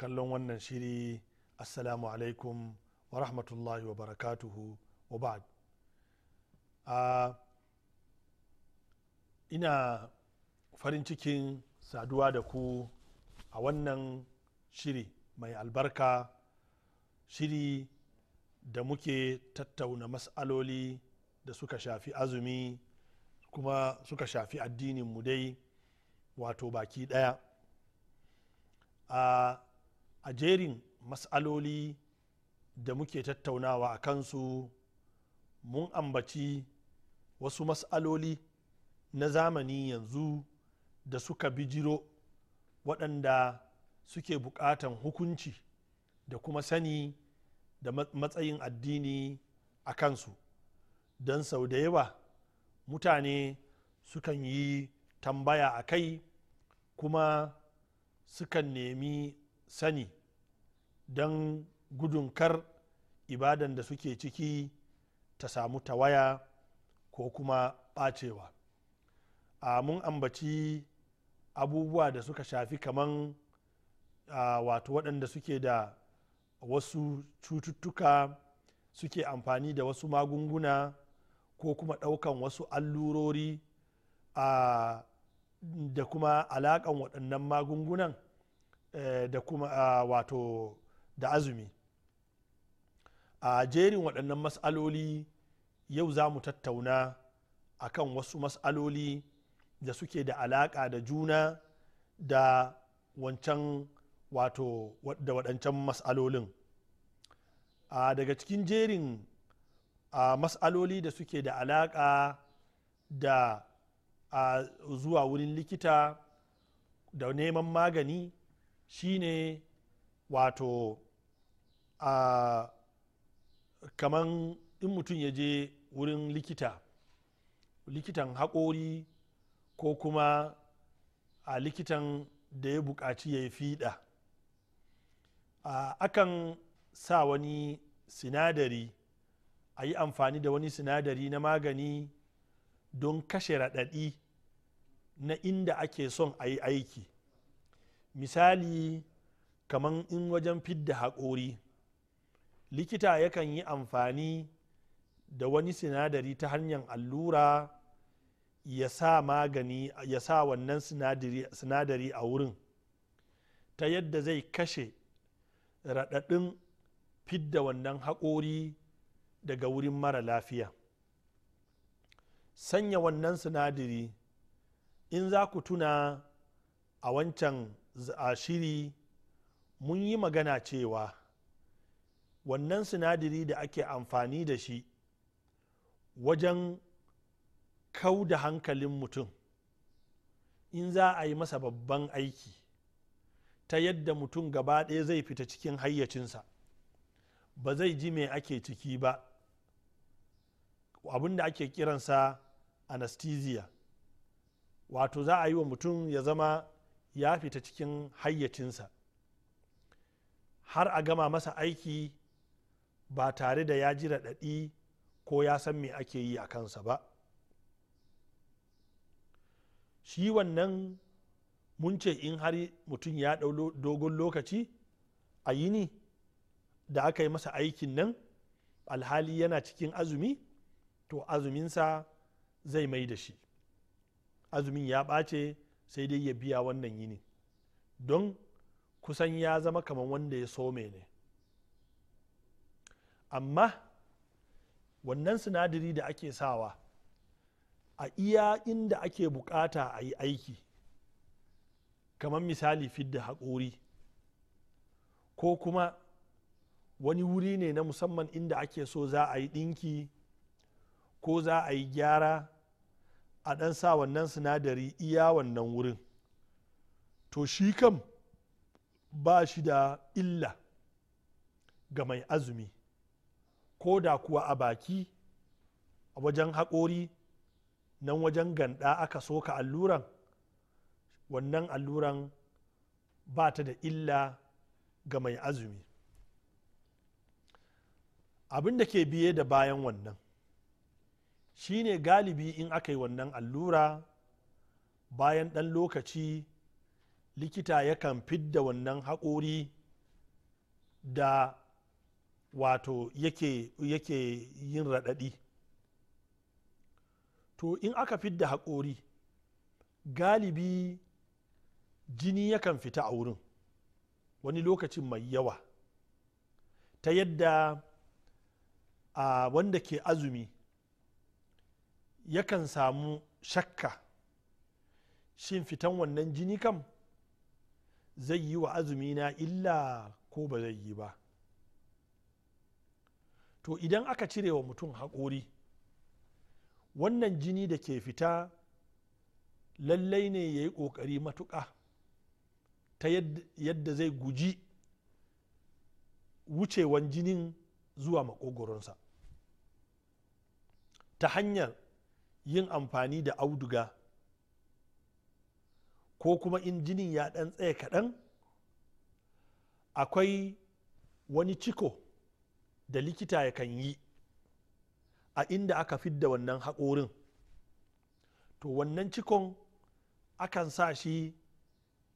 kallon wannan shiri assalamu alaikum wa rahmatullahi wa barakatuhu wa ina farin cikin saduwa da ku a wannan shiri mai albarka shiri da muke tattauna mas'aloli da suka shafi azumi kuma suka shafi addinin mu dai wato baki daya a a jerin matsaloli da muke tattaunawa a kansu mun ambaci wasu matsaloli na zamani yanzu da suka bijiro waɗanda suke buƙatan hukunci da kuma sani da matsayin addini a kansu don sau da yawa mutane sukan yi tambaya a kai kuma sukan nemi sani don gudun kar ibadan da suke ciki ta samu tawaya ko kuma ɓacewa a mun ambaci abubuwa da suka shafi kaman wato waɗanda suke da wasu cututtuka suke amfani da wasu magunguna ko kuma ɗaukan wasu allurori da kuma alaƙan waɗannan magungunan Eh, da kuma ah, wato da azumi a jerin waɗannan mas'aloli yau za mu tattauna a kan wasu mas'aloli da suke da alaƙa da juna da wancan wato da waɗancan mas'alolin a daga cikin jerin a mas'aloli da suke da alaƙa da a zuwa wurin likita da neman magani shine wato a kaman in mutum ya je wurin likita likitan haƙori ko kuma a likitan da ya buƙaci ya yi fiɗa akan sa wani sinadari a yi amfani da wani sinadari na magani don kashe raɗaɗi na inda ake son a yi aiki misali kaman in wajen fidda haƙori likita yakan yi amfani da wani sinadari ta hanyar allura ya sa magani ya sa wannan sinadari a wurin ta yadda zai kashe raɗaɗin fidda wannan haƙori daga wurin mara lafiya sanya wannan sinadari in za ku tuna a wancan a shiri mun yi magana cewa wannan sinadari da ake amfani da shi wajen kau da hankalin mutum in za a yi masa babban aiki ta yadda mutum gaba ɗaya zai fita cikin hayyacinsa ba zai ji me ake ciki ba abin da ake kiransa anesthesia wato za a yi wa mutum ya zama ya fita cikin hayyacinsa har a gama masa aiki ba tare da ya ji raɗaɗi ko ya san me ake yi a kansa ba shi wannan mun ce in har mutum ya ɗau dogon lokaci a yini da aka yi masa aikin nan alhali yana cikin azumi to azuminsa zai mai da shi azumin ya ɓace sai dai ya biya wannan yini don kusan ya zama kamar wanda ya some ne amma wannan sinadari da ake sawa a iya inda ake bukata a yi aiki kamar misali fidda haƙori ko kuma wani wuri ne na musamman inda ake so za a yi ɗinki ko za a yi gyara a ɗan sa wannan sinadari iya wannan wurin to shi kam ba shi da illa ga mai azumi ko da kuwa a baki a wajen haƙori nan wajen ganda aka soka alluran wannan alluran ba ta da illa ga mai azumi abin da ke biye da bayan wannan shine galibi in aka yi wannan allura bayan ɗan lokaci likita yakan fidda wannan haƙori da wato yake, yake yin raɗaɗi to in aka fidda haƙori galibi jini yakan fita a wurin wani lokacin mai yawa ta yadda a ah, wanda ke azumi yakan samu shakka shin fitan wannan jini kam zai yi wa azumi na illa ko ba zai yi ba to idan aka cire wa mutum haƙori wannan jini da ke fita lallai ne ya yi ƙoƙari matuƙa ta yadda zai guji wucewan jinin zuwa maƙogoronsa ta hanyar yin amfani da auduga ko kuma in jinin ya ɗan tsaye kaɗan akwai wani ciko da likita ya kan yi a inda aka fidda wannan haƙorin to wannan cikon akan sa shi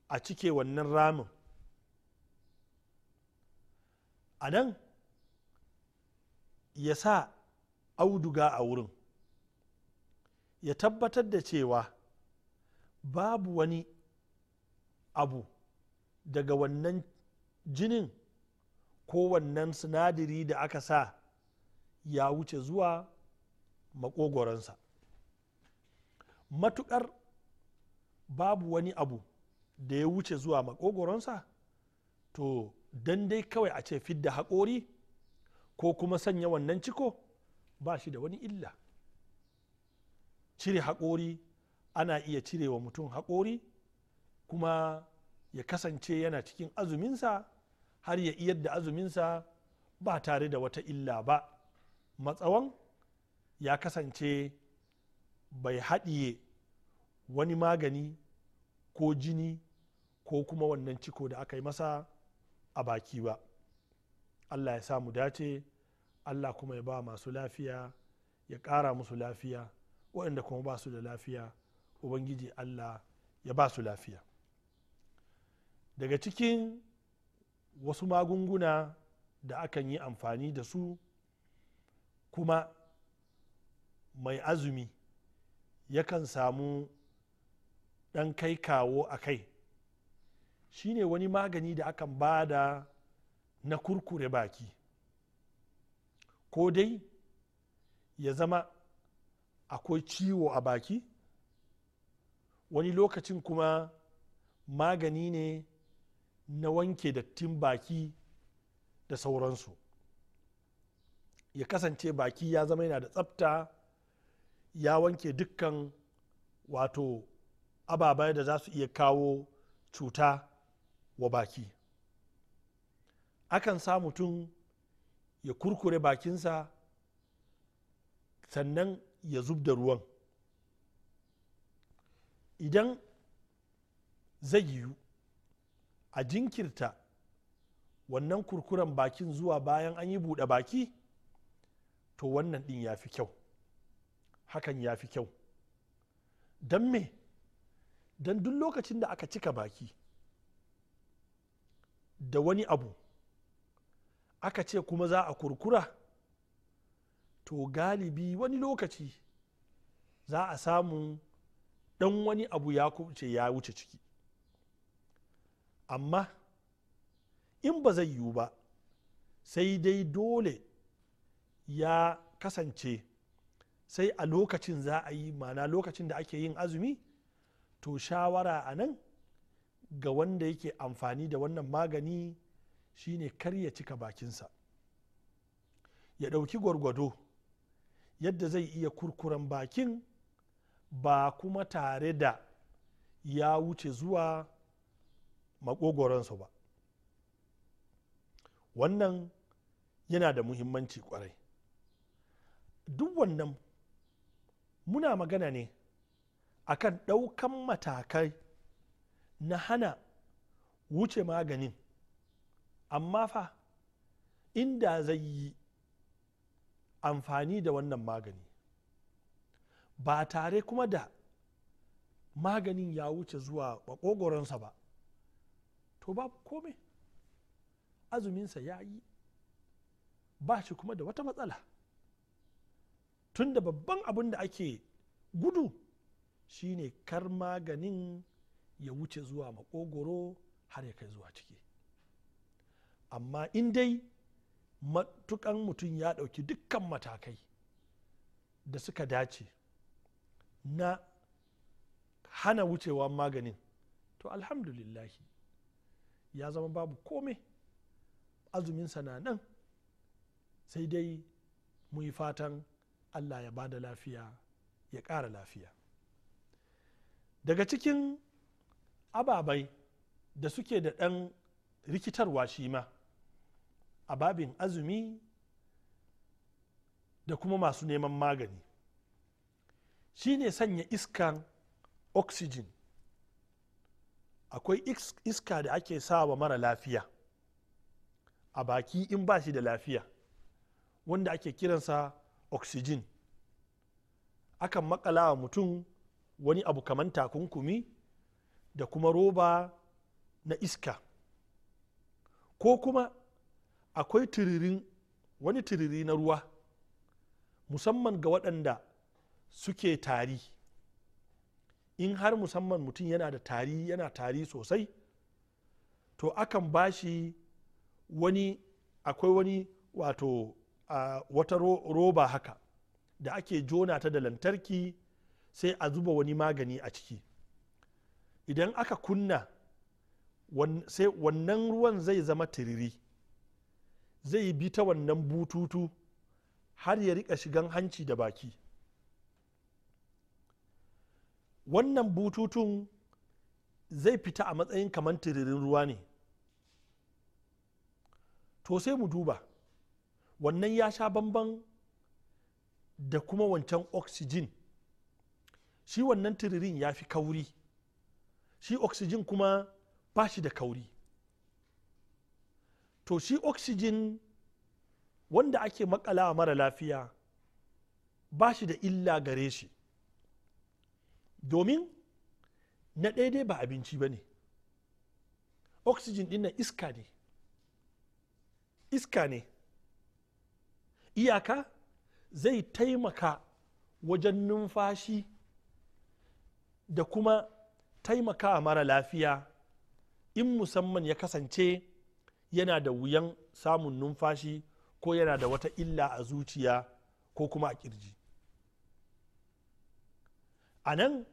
a cike wannan ramin a nan ya sa auduga a wurin ya tabbatar da cewa babu wani abu daga wannan jinin ko wannan sinadari da aka sa ya wuce zuwa makogoronsa matukar babu wani abu da ya wuce zuwa makogoronsa to don dai kawai a ce fidda haƙori ko kuma sanya wannan ciko ba shi da wani illa cire haƙori ana iya cire wa mutum haƙori kuma ya kasance yana cikin azuminsa har ya iyar da azuminsa ba tare da wata illa ba matsawon ya kasance bai haɗiye wani magani ko jini ko kuma wannan ciko da aka yi masa a baki ba allah ya samu dace allah kuma ya ba masu lafiya ya ƙara musu lafiya waɗanda kuma ba su da lafiya ubangiji allah ya ba su lafiya daga cikin wasu magunguna da akan yi amfani da su kuma mai azumi yakan samu ɗan kai kawo a kai shine wani magani da akan ba da na kurkure baki ko dai ya zama akwai ciwo a baki wani lokacin kuma magani ne na wanke dattin baki da sauransu ya kasance baki ya zama yana da tsafta ya wanke dukkan wato ababai da za su iya kawo cuta wa baki akan sa mutum ya kurkure bakinsa sannan ya zub da ruwan idan zai yiwu a jinkirta wannan kurkuren bakin zuwa bayan an yi buɗe baki to wannan ɗin ya fi kyau hakan ya fi kyau don me don duk lokacin da aka cika baki da wani abu aka ce kuma za a kurkura to galibi wani lokaci za a samu dan wani abu ya kuce ya wuce ciki amma in ba zai yiwu ba sai dai dole ya kasance sai a lokacin za a yi mana lokacin da ake yin azumi to shawara a nan ga wanda yake amfani da wannan magani shine kar ya cika bakinsa ya ɗauki gwargwado yadda zai iya kurkuren bakin ba kuma tare da ya wuce zuwa makogoransa ba wannan yana da muhimmanci kwarai duk wannan muna magana ne akan ɗaukan matakai na hana wuce maganin amma fa inda zai yi amfani da wannan magani ba tare kuma da maganin ya wuce zuwa makogoronsa ba to babu kome azuminsa ya yi ba shi kuma da wata matsala tunda babban abin da ake gudu shine kar maganin ya wuce zuwa makogoro har ya kai zuwa ciki amma in dai matukan mutum ya ɗauki dukkan matakai da suka dace na hana wucewa maganin to alhamdulillahi ya zama babu kome azuminsa na nan sai dai mu yi fatan allah ya bada lafiya ya ƙara lafiya daga cikin ababai da suke da ɗan rikitarwa shi ma a babin azumi da kuma masu neman magani shi ne sanya iskan oxygen akwai iska da ake sawa mara lafiya a baki in ba shi da lafiya wanda ake kiransa oxygen akan makala wa mutum wani abu kamar takunkumi da kuma roba na iska ko kuma akwai tiririn wani tiriri na ruwa musamman ga waɗanda suke tari in har musamman mutum yana da tari yana tari sosai to akan ba shi wani akwai wani wato a wata roba haka da ake jona ta da lantarki sai a zuba wani magani a ciki idan aka kunna sai wannan ruwan zai zama tiriri zai yi bi ta wannan bututu har ya rika shigan hanci da baki wannan bututun zai fita a matsayin kamar tiririn ruwa ne to sai mu duba wannan ya sha bamban da kuma wancan oxygen shi wannan tiririn ya fi kauri shi oxygen kuma ba shi da kauri to shi oxygen wanda ake makala mara lafiya ba shi da illa gare shi domin na daidai ba abinci ba ne oxygen ɗin iska ne iska ne iyaka zai taimaka wajen numfashi da kuma taimaka mara lafiya in musamman ya kasance yana da wuyan samun numfashi ko yana da wata illa a zuciya ko kuma a kirji a nan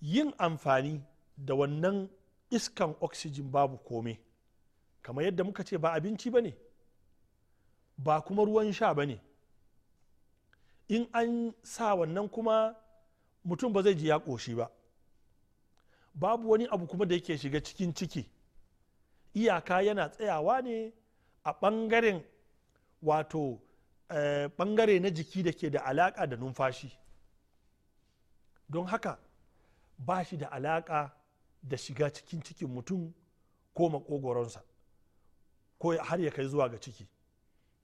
yin amfani da wannan iskan oxygen babu kome kamar yadda muka ce ba abinci ba ne ba kuma ruwan sha ba ne in an sa wannan kuma mutum ba zai ji ya ƙoshi ba babu wani abu kuma da yake shiga cikin ciki iyaka yana tsayawa ne a ɓangaren wato eh, ɓangare na jiki da ke da alaƙa da numfashi don haka ba shi da alaƙa da shiga cikin cikin mutum ko makogoronsa ko har ya kai zuwa ga ciki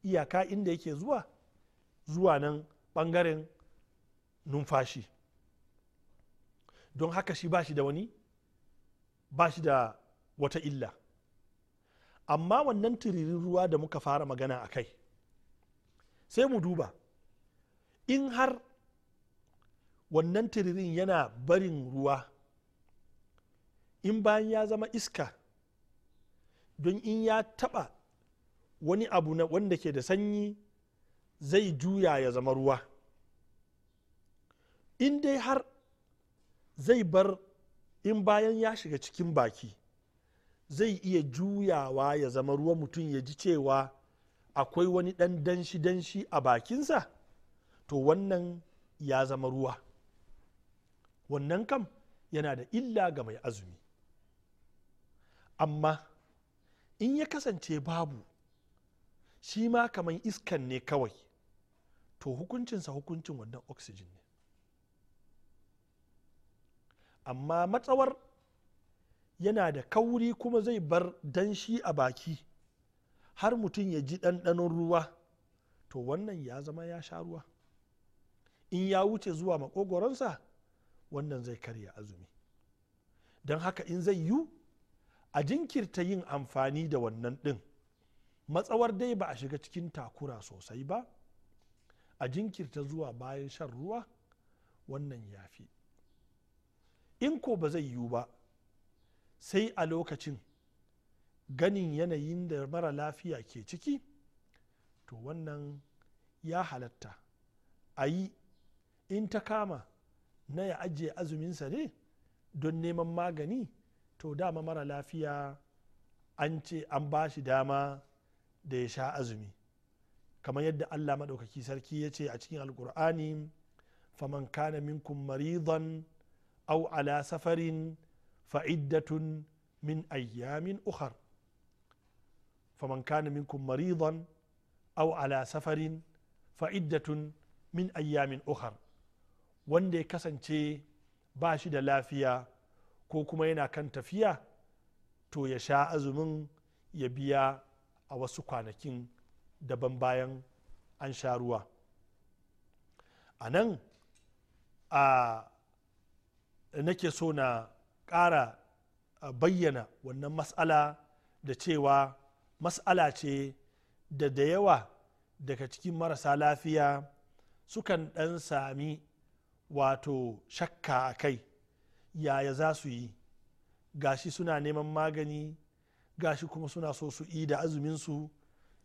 iyaka inda yake zuwa zuwa nan ɓangaren numfashi don haka shi ba shi da wani ba shi da wata illa amma wannan tiririn ruwa da muka fara magana a kai sai mu duba in har wannan tiririn yana barin ruwa in bayan ya zama iska don in ya taba wani abu na wanda ke da sanyi zai juya ya zama ruwa in dai har zai bar in bayan ya shiga cikin baki zai iya juyawa ya zama ruwa mutum ya ji cewa akwai wani ɗan danshi-danshi a bakinsa to wannan ya zama ruwa wannan kam yana da illa ga mai azumi amma in ya kasance babu shi ma kamar iskan ne kawai to hukuncinsa hukuncin wannan oxygen ne amma matsawar yana da kauri kuma zai bar danshi a baki har mutum ya ji ɗanɗanon ruwa to wannan ya zama ya sha ruwa in ya wuce zuwa makogoronsa wannan zai karya azumi don haka in zai yiwu a jinkirta yin amfani da wannan ɗin matsawar dai ba a shiga cikin takura sosai ba a jinkirta zuwa bayan shan ruwa wannan ya fi in ko ba zai yiwu ba sai a lokacin ganin yanayin da mara lafiya ke ciki to wannan ya halatta a yi in ta kama na ya ajiye azuminsa ne don neman magani to dama mara lafiya an ce an ba shi dama da ya sha azumi kamar yadda allah maɗaukaki sarki ya ce a cikin alkur'ani faman kana minkum maridan au ala safarin فعدة من أيام أخر فمن كان منكم مريضا أو على سفر فعدة min ayyamin ukhar wanda ya kasance ba shi da lafiya ko kuma yana kan tafiya to ya sha azumin ya biya a wasu kwanakin daban bayan an sha ruwa a nan a nake so na ƙara bayyana wannan matsala da cewa matsala ce da da yawa daga cikin marasa lafiya sukan ɗan sami wato shakka a kai yaya za su yi gashi suna neman magani gashi kuma suna so su yi da azuminsu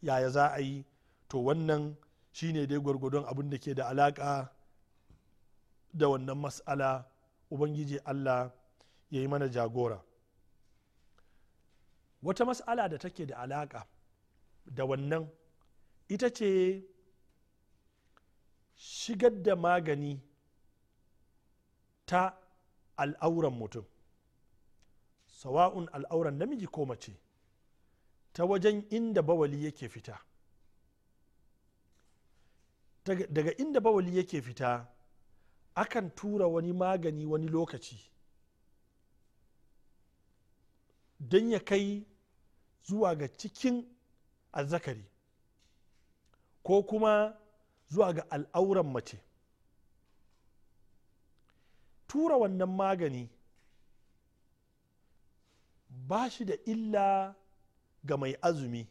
yaya za a yi to wannan shine dai gwargwadon abin da ke da alaƙa da wannan matsala ubangiji allah ya yi mana jagora wata matsala da take da alaƙa da wannan ita ce shigar da magani ta al'auran mutum sawa'un al'auran namiji ko mace ta wajen inda bawali yake fita daga inda bawali yake fita akan tura wani magani wani lokaci don ya kai zuwa ga cikin azzakari ko kuma zuwa ga al'auran mace tura wannan magani ba shi da illa ga mai azumi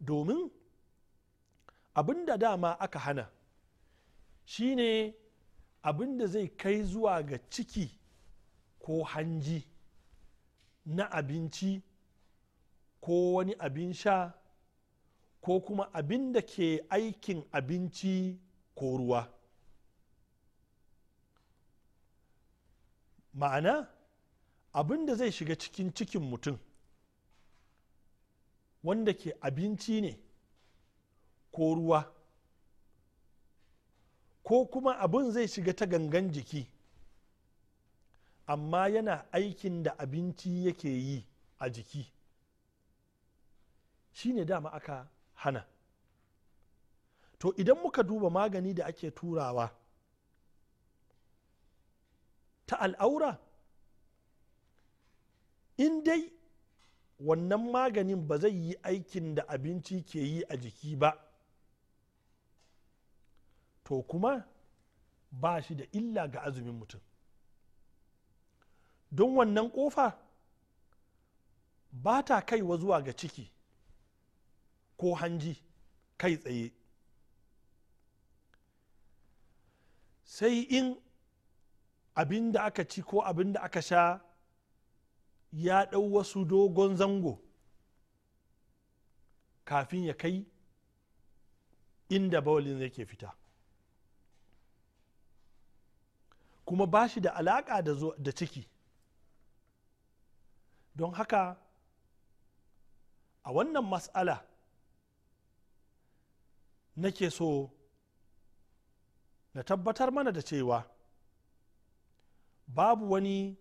domin abin da dama aka hana shine abin da zai kai zuwa ga ciki ko hanji na abinci ko wani abin sha ko kuma abin da ke aikin abinci ko ruwa ma'ana abin da zai shiga cikin cikin mutum wanda ke abinci ne ko ruwa ko kuma abin zai shiga ta gangan jiki amma yana aikin da abinci yake yi a jiki shi ne dama aka hana to idan muka duba magani da ake turawa ta al'aura in dai wannan maganin ba zai yi aikin da abinci ke yi a jiki ba to kuma ba shi da illa ga azumin mutum don wannan ƙofa ba ta kaiwa zuwa ga ciki ko hanji kai tsaye sai in abin da aka ci ko abin da aka sha ya ɗau wasu dogon zango kafin ya kai inda bawalin yake fita kuma ba shi da alaƙa da ciki don haka a wannan mas'ala nake so na tabbatar mana da cewa babu wani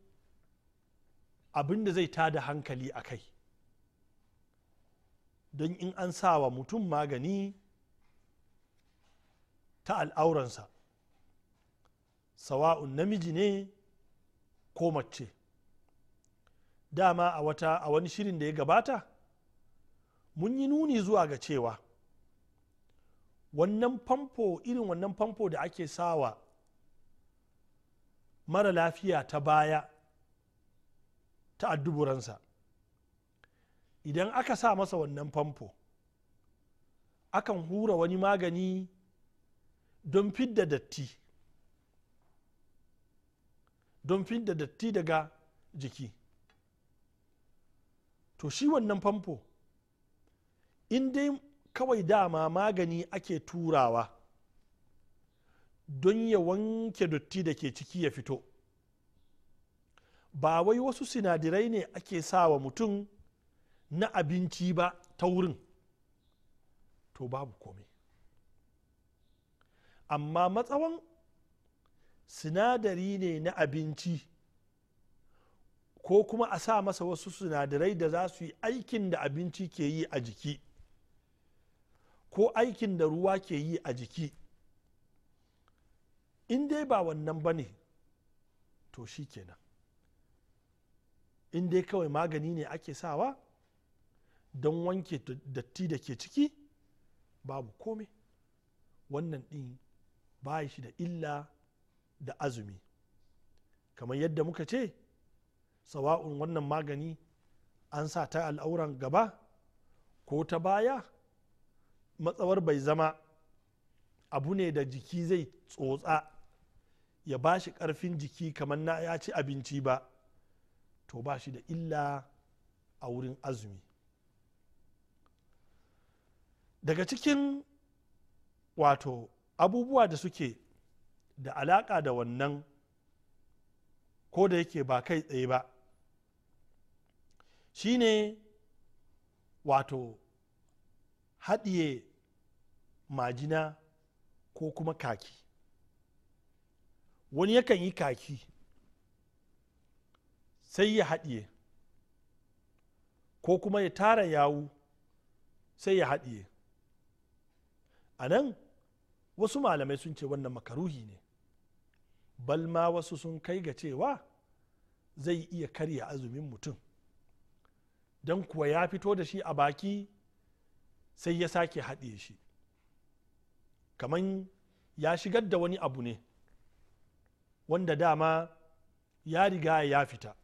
abin da zai ta da hankali a kai don in an sa wa mutum magani ta al'auransa sawa'un namiji ne ko mace dama a wata a wani shirin da ya gabata mun yi nuni zuwa ga cewa wannan famfo irin wannan famfo da ake sawa mara lafiya ta baya ta adduburansa idan aka sa masa wannan famfo akan hura wani magani don fidda datti don fidda datti daga jiki to shi wannan famfo in dai kawai dama magani ake turawa don ya wanke dotti da ke ciki ya fito ba wai wasu sinadirai ne ake sawa mutum na abinci ba ta wurin to babu komai amma matsawan sinadari ne na abinci ko kuma a sa masa wasu sinadarai da za su yi aikin da abinci ke yi a jiki ko aikin da ruwa ke yi a jiki in dai ba wannan ba ne to shi kenan in dai kawai magani ne ake sawa don wanke datti da ke ciki babu komai wannan din ba shi da illa da azumi kamar yadda muka ce sawa'un wannan magani an sa ta al'auran gaba ko ta baya matsawar bai zama abu ne da jiki zai tsotsa ya ba shi ƙarfin jiki kamar na ya ci abinci ba to ba shi da illa a wurin azumi daga cikin wato abubuwa da suke da alaƙa da wannan ko da yake ba kai tsaye ba Shi ne wato haɗiye majina ko kuma kaki wani yakan yi kaki sai ya haɗiye ko kuma ya tara yawu sai ya haɗiye a nan wasu malamai sun ce wannan makaruhi ne balma wasu sun kai ga cewa zai iya karya azumin mutum don kuwa ya fito da shi a baki sai ya sake haɗe shi kamar ya shigar da wani abu ne wanda dama ya riga ya fita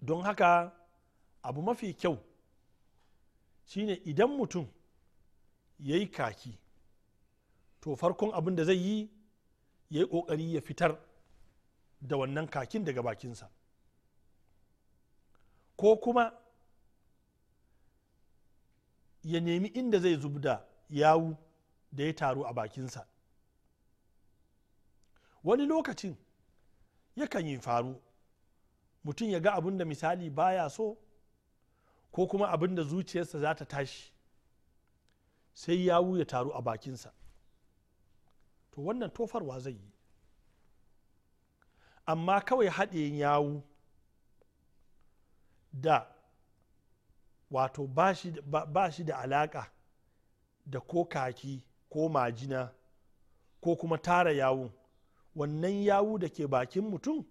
don haka abu mafi kyau shine idan mutum ya yi kaki to farkon abin da zai yi ya yi ƙoƙari ya fitar da wannan kakin daga bakinsa ko kuma ya nemi inda zai zub da yawu da ya taru a bakinsa wani lokacin yakan yi faru mutum ya ga abin da misali baya so ko kuma abin da zuciyarsa za ta tashi sai yawu ya taru a bakinsa to wannan tofarwa zai yi amma kawai haɗe yawu da wato ba shi da alaƙa da ko kaki ko majina ko kuma tara yawu wannan yawu da ke bakin mutum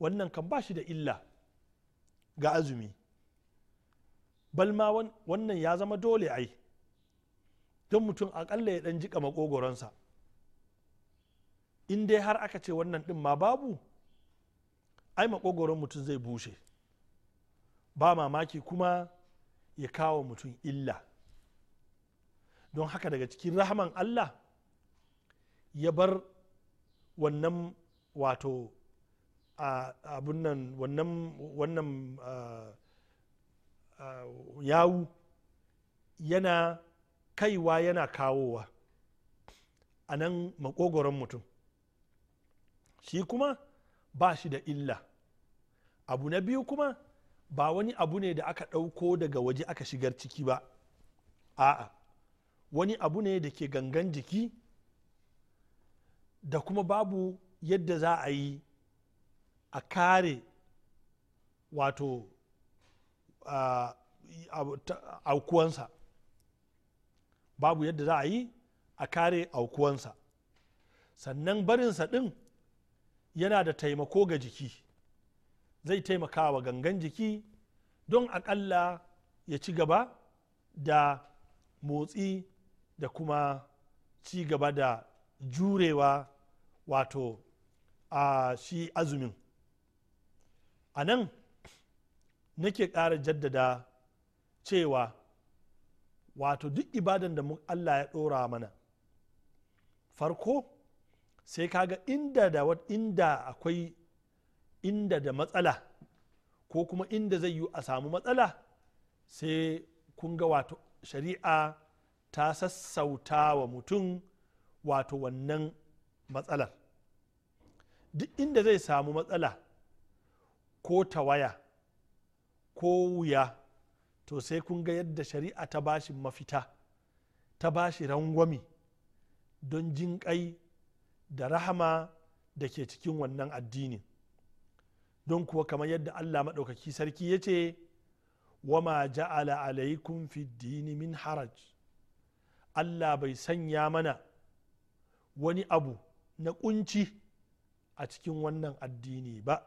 wannan kan ba shi da illa ga azumi balma wannan ya zama dole ai don mutum akalla ya ɗan jika makogoronsa in dai har aka ce wannan din ma babu ai makogoron mutum zai bushe ba mamaki kuma ya kawo mutum illa don haka daga cikin rahaman allah ya bar wannan wato abun wannan wannan yawu yana kaiwa yana kawowa a nan makogoron mutum shi kuma ba shi da illa abu na biyu kuma ba wani abu ne da aka ɗauko daga waje aka shigar ciki ba a'a wani abu ne da ke gangan jiki da kuma babu yadda za a yi a kare wato aukuwansa babu yadda za a yi a kare aukuwansa sannan barinsa ɗin yana da taimako ga jiki zai taimaka wa gangan jiki don akalla ya ci gaba da motsi da kuma ci gaba da jurewa wato a shi azumin a nan nake ƙara jaddada cewa wato duk ibadan da allah ya ɗora mana farko sai kaga inda da inda akwai inda da matsala ko kuma inda zai yi a samu matsala sai kun ga wato shari'a ta sassauta wa mutum wato wannan matsalar duk inda zai samu matsala ko ta waya, ko wuya to sai kun ga yadda shari'a ta bashi mafita ta bashi rangwami don jinƙai da rahama da ke cikin wannan addinin don kuwa kamar yadda allah maɗaukaki sarki ya ce wama ja'ala alaikum fi dini min haraj allah bai sanya mana wani abu na kunci a cikin wannan addini ba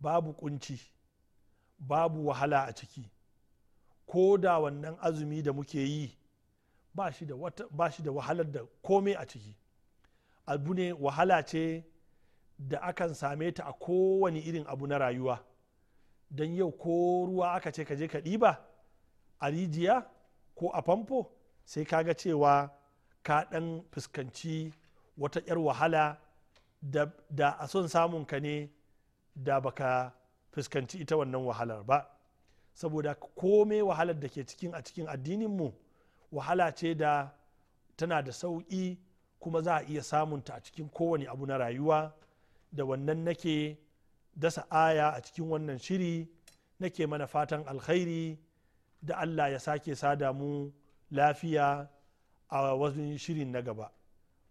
babu kunci babu wahala a ciki ko da wannan azumi da muke yi ba shi da wahalar da komai a ciki abu ne wahala ce da akan same ta a kowane irin abu na rayuwa don yau ko ruwa aka ce ka je ka ɗiba a rijiya ko a famfo sai ka ga cewa ka ɗan fuskanci wata ƴar wahala da, da a son samun ka ne da baka fuskanci ita wannan wahalar ba saboda komai wahalar da ke cikin a cikin addininmu wahala ce da tana da sauƙi kuma za a iya samunta a cikin kowane abu na rayuwa da wannan nake dasa aya a cikin wannan shiri nake mana fatan alkhairi da allah ya sake sada mu lafiya a wani shirin na gaba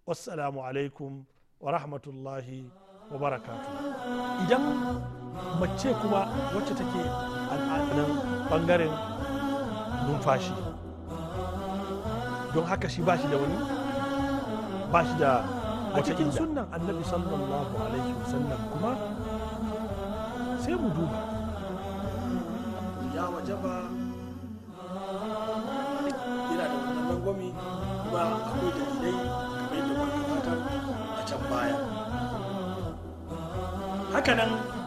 wassalamu alaikum wa rahmatullahi wa barakatu idan mace kuma wacce take al'adunan bangaren numfashi don haka shi bashi da wani bashi da a cikin sunan annabi sallallahu alaihi wasallam kuma sai mu duba ya waje ba yana da wannan rangwami kuma akwai dai kamar yadda muka gabatar a can baya haka nan